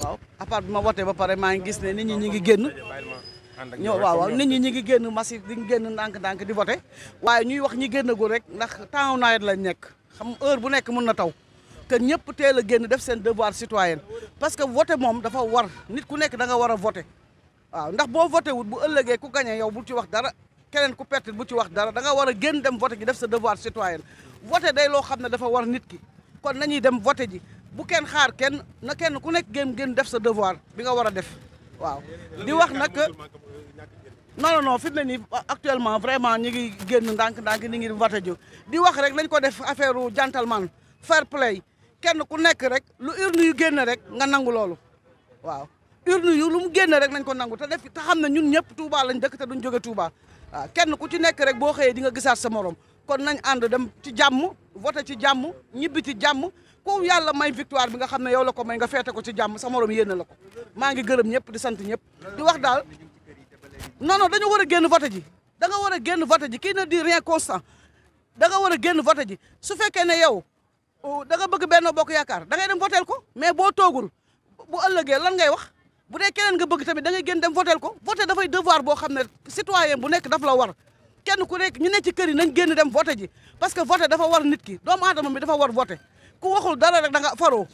waaw à part bi ma wootee ba pare ma ngi gis ne nit ñi ñu ngi génn. ñoo waaw waaw ni ñi ñi ngi génn massif di génn ndànk-ndànk di voté waaye ñuy wax ñi génn génnagul rek ndax temps nawet lañ nekk xam heure bu nekk mën na taw que ñëpp teel a génn def seen devoir citoyen parce que voté moom dafa war nit ku nekk danga war a voté waaw ndax boo voté wut bu ëllëgee ku gañee yow bu ci wax dara keneen ku perte bu ci wax dara da nga war a génn dem voté ji def sa devoir citoyen voté day loo xam ne dafa war nit ki kon nañuy dem voté ji bu kenn xaar kenn na kenn ku nekk gën gën def sa devoir bi nga war a def waaw di wax nag non non fi mu ne nii actuellement vraiment ñi ngi génn ndànk-ndànk ñi ngi vote ji di wax rek lañ ko def affaire u gentleman fair play kenn ku nekk rek lu urne yu génn rek nga nangu loolu waaw urne yu lu mu génn rek nañ ko nangu te def te xam ne ñun ñëpp Touba lañ dëkk te duñ jóge Touba kenn ku ci nekk rek boo xëyee di nga gisaat sa morom kon nañ ànd dem ci jàmm vote ci jàmm ñibbi ci jàmm ku yàlla may victoire bi nga xam ne yow la ko may nga fete ko ci jàmm sa morom yéene la ko maa ngi gërëm ñëpp di sant ñëpp di wax daal non non dañu war a génn vote ji da war a génn vote ji kii na di rien constant danga war a génn vote ji su fekkee ne yow oh, da nga bëgg benn bokk yaakaar da ngay dem voteel ko mais boo toogul bu ëllëgee lan ngay wax bu dee keneen nga bëgg tamit da ngay génn dem voteel ko voté dafay devoir boo xam ne citoyen bu nekk daf la war kenn ku nekk ñu ne ci kër yi nañ génn dem voté ji parce que voté dafa war nit ki doomu adama bi dafa war voté ku waxul dara rek danga faro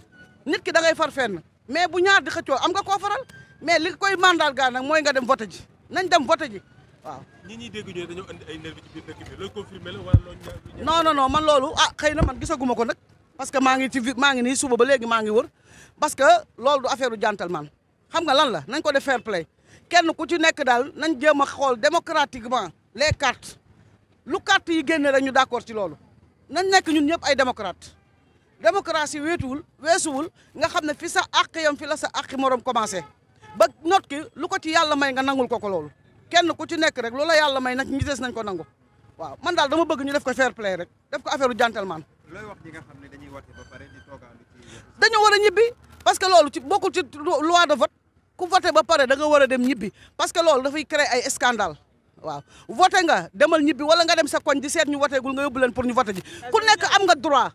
nit ki da ngay far fenn mais bu ñaar di xëccoo am ga koo faral mais li koy mandaal gaa nag mooy nga dem vote ji nañ dem vote ji waaw. ñi ñuy dégg ñooy dañoo andi ay nervis ci biir dëkk bi looy man loolu ah xëy na man gisaguma ko nag parce que maa ngi ci maa ngi nii suba ba léegi maa ngi wër parce que loolu du affaire u gentleman xam nga lan la nañ ko def fair play kenn ku ci nekk daal nañ jéem a xool démocratiquement les cartes lu carte yi génne rek ñu d'accord ci loolu nañ nekk ñun ñëpp ay démocrate démocratie weetuwul weesuwul nga xam ne fi sa aq yam fi la sa àqi moroom commencé ba not ki lu ko ci yàlla may nga nangul ko ko loolu kenn ku ci nekk rek loola yàlla may nag ñi des nañ ko nangu waaw man daal dama bëgg ñu def ko fair play rek def ko affaire gentleman looy wax ñi nga xam ne dañuy woote ba pare di dañu war a ñibbi parce que loolu ci bokkul ci loi de vote ku voté ba pare danga war a dem ñibbi parce que loolu dafay créer ay scandale waaw voté nga demal ñibbi wala nga dem sa koñ di seet ñu voté gul nga leen pour ñu ku nekk am nga droit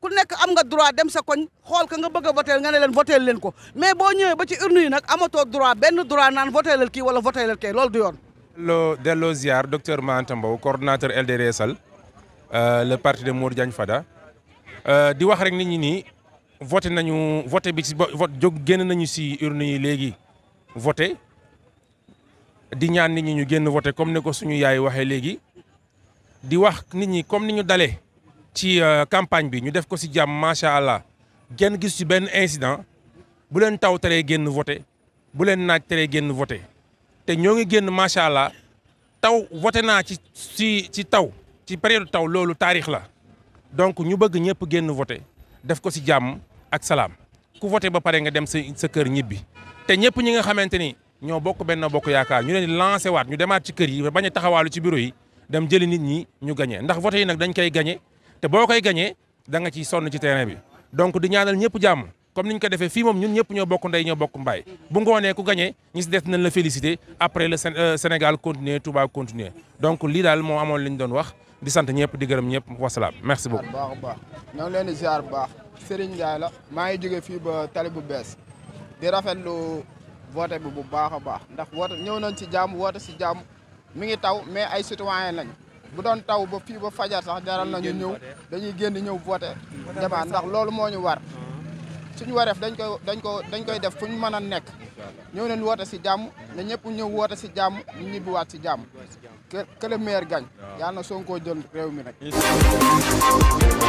ku nekk am nga droit dem sa koñ xool ka nga bëgg a nga ne leen voté leen ko mais boo ñëwee ba ci urne yi nag amatoo droit benn droit naan voté leen kii wala voté ke kii loolu du yoon. delloo delloo ziar docteur Manta Mbow coordonnateur LD Yeesal euh, le parti de Modou Diagne Fada euh, di wax rek nit ñi nii voté nañu voté bi ci vote jóg génn nañu si urne yi léegi voté di ñaan nit ñi ñu génn voté comme ni ko suñu yaay waxee léegi di wax nit ñi comme ni ñu dalee. ci euh, campagne bi ñu def ko si jàmm macha allah génn gis ci benn incident bu leen taw teree génn voté bu leen naaj teree génn voté te ñoo ngi génn macha allah taw voté naa ci ci ci taw ci période taw loolu taarix la donc ñu bëgg ñëpp génn voté def ko si jàmm ak salaam ku voté ba pare nga dem sa sa kër ñibbi te ñëpp ñi nga xamante ni ñoo bokk benn bokk yaakaar ñu leen di lancé waat ñu demaat ci kër yi bañ a taxawaalu ci bureau yi dem jëli nit ñi ñu gagné ndax voté yi nag dañ koy gagné. te boo koy gañee da nga ciy sonn ci terrain bi donc di ñaanal ñëpp jàmm comme ni ñu ko defee fii moom ñun ñëpp ñoo bokk ndey ñoo bokk mbaay bu ngoonee ku gañee ñi si des nañ la féliciter après le euh, Sénégal continuer Touba continuer donc lii daal moo amoon li ñu doon wax di sant ñëpp di gërëm ñëpp wasalaam merci beaucoup. baax baax ñoo ngi leen bu baax Serigne Ndiaye la maa ngi jóge fii ba tali bu bees di rafetlu vote bi bu baax a baax ndax woote ñëw nañ si jàmm woote si jàmm mi ngi taw mais ay citoyen lañ bu doon taw ba fii ba fajar sax jaral nañu ñëw dañuy génn ñëw voté demaat ndax loolu moo ñu war ah. suñu wareef dañ koy dañ ko dañ koy def fu ñu mën a nekk ñëw leen woote si jàmm na ñëpp ñëw woote si jàmm ñu ñibbiwaat si jàmm que que le maire ah. na Sonko jël réew mi nag